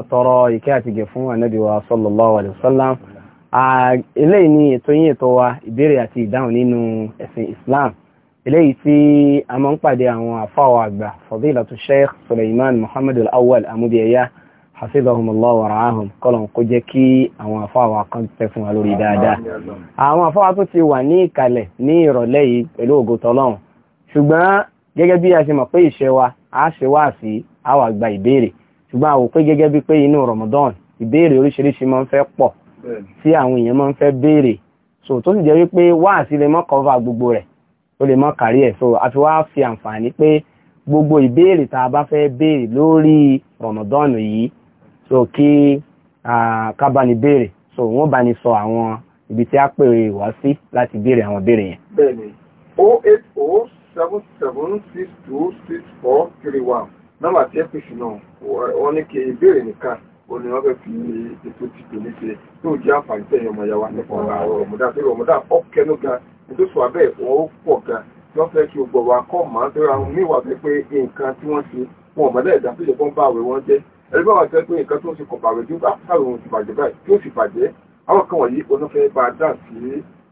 àtọrọ ìkẹ́ àti gẹ̀ fún ànábì wa sallallahu alaihi wasallam eléyìí ni ètò yín ètò wa ìbéèrè àti ìdáhùn nínú ẹ̀sìn Islam eléyìí tí a máa ń pàdé àwọn àfáwà àgbà fadilatu sheikh Suleiman Muhammad al-Awwal amúdíyẹyà hafizahumullah wa ra'ahum kọlọ̀n kó jẹ́ kí àwọn àfáwà kan tẹ́ fún wa lórí dáadáa àwọn ṣùgbọ́n àwò pé gẹ́gẹ́ bí pé inú Ramadan ìbéèrè oríṣiríṣi máa ń fẹ́ pọ̀ tí àwọn èèyàn máa ń fẹ́ béèrè so tó sì jẹ́ wípé wáàsí lè mọ́ kọ́fà gbogbo rẹ̀ ó lè mọ́ kárí ẹ̀ so àfi wá fi àǹfààní pé gbogbo ìbéèrè tá a bá fẹ́ béèrè lórí Ramadan yìí so kí kábàánì béèrè so wọ́n bá ní sọ àwọn ibi tí a pè wá sí láti béèrè àwọn béèrè yẹn. bẹ́ẹ̀ni o oh eight o oh seven seven six two six four three one nọ́mbà tí apc náà wọ́n ní kí ìbéèrè nìkan ó ní wọ́n fẹ́ fi ètò ti tòní ṣe tó jẹ́ àǹfààní tẹ̀yìn ọmọ ìyá wa nípa ọ̀rọ̀ àwọn ọ̀mọ̀dá tó ọ̀mọ̀dá ọ̀kẹ́nu gan nítòsí abẹ́ ìfọ̀ ó pọ̀ gan tí wọ́n fẹ́ kí gbogbo wa kọ́ màá tó ra wọn níwà fẹ́ pé nǹkan tí wọ́n ṣe wọn ọ̀mọ̀dá ẹ̀dá tó yẹ kó ń bá àwẹ̀ wọn jẹ́ ẹgbẹ́ wa fẹ́ pé nǹkan tó ń ṣe kọ̀ bàwẹ̀ tó bá sàrò ti bàjẹ́ báyìí tó sì bàjẹ́ àwọn kan wọ̀nyí a dà sí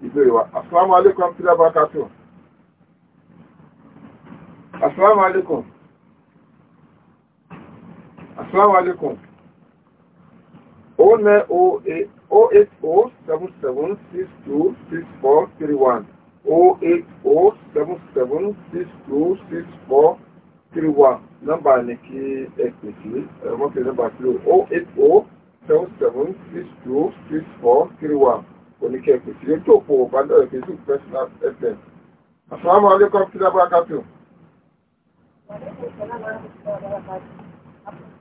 ìbéèrè wa asalaamualeykum tí wọ́n bá ká Assalamu alaikum. 08077626431. 08077626431. Nọ́mbà ni kí ẹ pè sí ẹ̀rọ kí nọ́mbà sí o. 08077626431. Òní kí ẹ pè sí ojú òpó Bàdó ẹ̀fẹ̀ sí Personal FM. Assalamu alaikum kí lábára kápẹ́ o. Wàlẹ́kùn sọ́lá máa ń sọ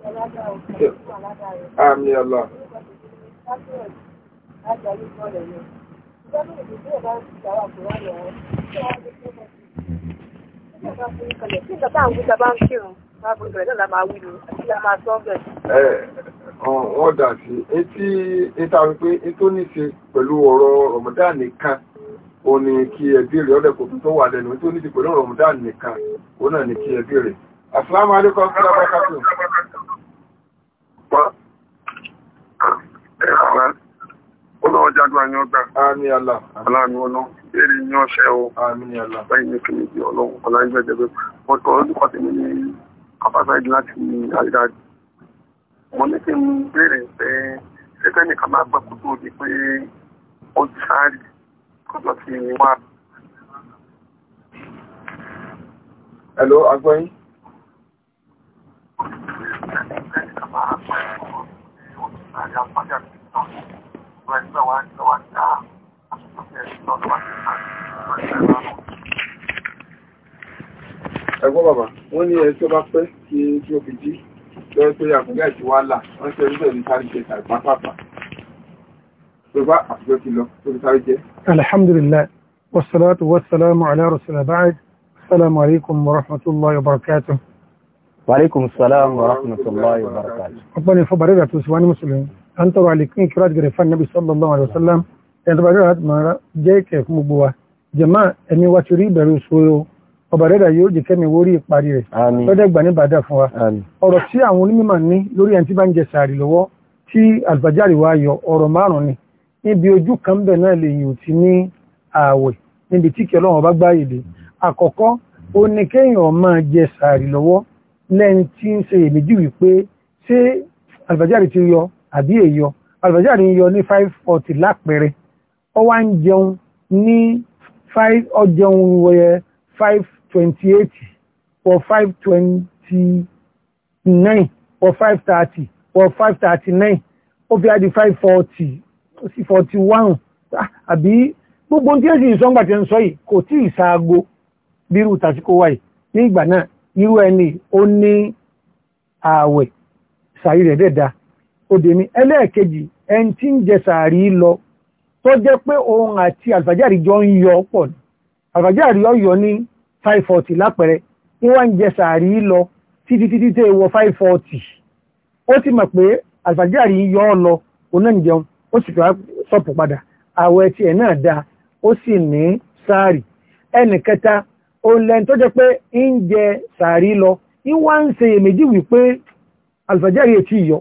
àmì ọ̀la. Wọ́n dà sí etí ìta wípé ètò ní ṣe pẹ̀lú ọ̀rọ̀ Ramadan nìkan o ní kí ẹbí rẹ̀ ọ̀dẹ̀ kò tó wà lẹ́nu ètò ní ti pẹ̀lú Ramadan nìkan o náà ní kí ẹbí rẹ̀. Àsìlámù alékọ́ fún ọ̀rọ̀ jágbà ní ọgbà. Àmín Allah. Aláàmì ọlọ́run. Béèrè ní ọ̀ṣẹ́ o. Àmín Allah. Bẹ́ẹ̀ ni kìíní di ọlọ́run. Ọlá ń gbẹ̀jẹ̀ bẹ́ẹ̀. Wọ́n tọ́ ọdún kan tèmi ní Kápásáìdì láti ní Àrídájú. Mo ní kí n béèrè pé ṣẹ́fẹ́ nìkan máa gbà kó tó di pé ó ti sáárì kọ́tọ̀ ti wà. Hello, agbọ́yìn. ẹ̀gbọ́n bàbá wọ́n ní ẹjọ́ bá pẹ́ kí tí ó fi jí lọ́wọ́ pé àkùnrin àti wá là wọ́n ṣe ẹgbẹ́ ní sáré jẹ tàbí pápápá tó bá àtijọ́ ti lọ tó fi sáré jẹ. alhamdulillah wasalaatu wasalaamu ala rasulillah nabi sallallahu alayhi wa sallam ẹ̀dọ̀bàrẹ́ ìdàtú jẹ́ ìkẹ́ fún gbogbo wa jẹ̀má ẹ̀mí wa ti rí ìbẹ̀rù ọba rẹ̀dà yóò jẹ́ kẹ́mi wórí ìparí rẹ̀ lọ́dẹ̀gbà ní bàdà fún wa ọ̀rọ̀ tí àwọn onímọ̀ ní lórí ẹni tí bá ń jẹ sàárì lọ́wọ́ tí àlùbájáre wa yọ ọ̀rọ̀ márùn ni níbi ojú kan bẹ̀ náà lè yìí ò ti ní ààwẹ̀ níbi tí kí ọlọ́run ọba gbá èdè àkọ́kọ́ ó ní kéèyàn máa jẹ sàárì lọ́wọ́ lẹ́ni tí ń ṣe èméjì wípé ṣé àlùbájáre ti yọ àbí èyọ àlùbájáre yọ ní five forty lápẹẹrẹ ó wá ń jẹun ní five ó jẹun wẹ̀ five Twenty 28 or five twenty nine or five thirty or five thirty 539 ó fi àdí 540 forty one. Ah, àbí gbogbo tí ó sì ń sọ́ngbà tí ó ń sọ yìí kò tí ì ṣaago bírú tàṣíkò wáyé ní ìgbà náà irú ẹni ó ní ààwẹ̀ sàárì rẹ̀ dẹ̀dá ó dé ní ẹlẹ́ẹ̀kejì ẹni tí ń jẹ sàárì lọ tó jẹ́ pé òun àti àlùfàjáàrí jọ ń yọ pọ̀ àlùfàjáàrí ọ̀yọ́ ní five forty lápẹ̀rẹ̀ wọ́n ń jẹ sàárì lọ títí títí tẹ́ wọ five forty ó ti mọ̀ pé àlùfàjárì yọ ọ lọ oná ń jẹun ó sì fẹ́ sọ̀pù padà àwọ̀ ẹtì ẹ̀ náà dáa ó sì ní sàárì ẹnì kẹta òǹlẹ̀ni tó jẹ́ pé ń jẹ sàárì lọ ń wá ń ṣe èméjì wípé àlùfàjárì etí yọ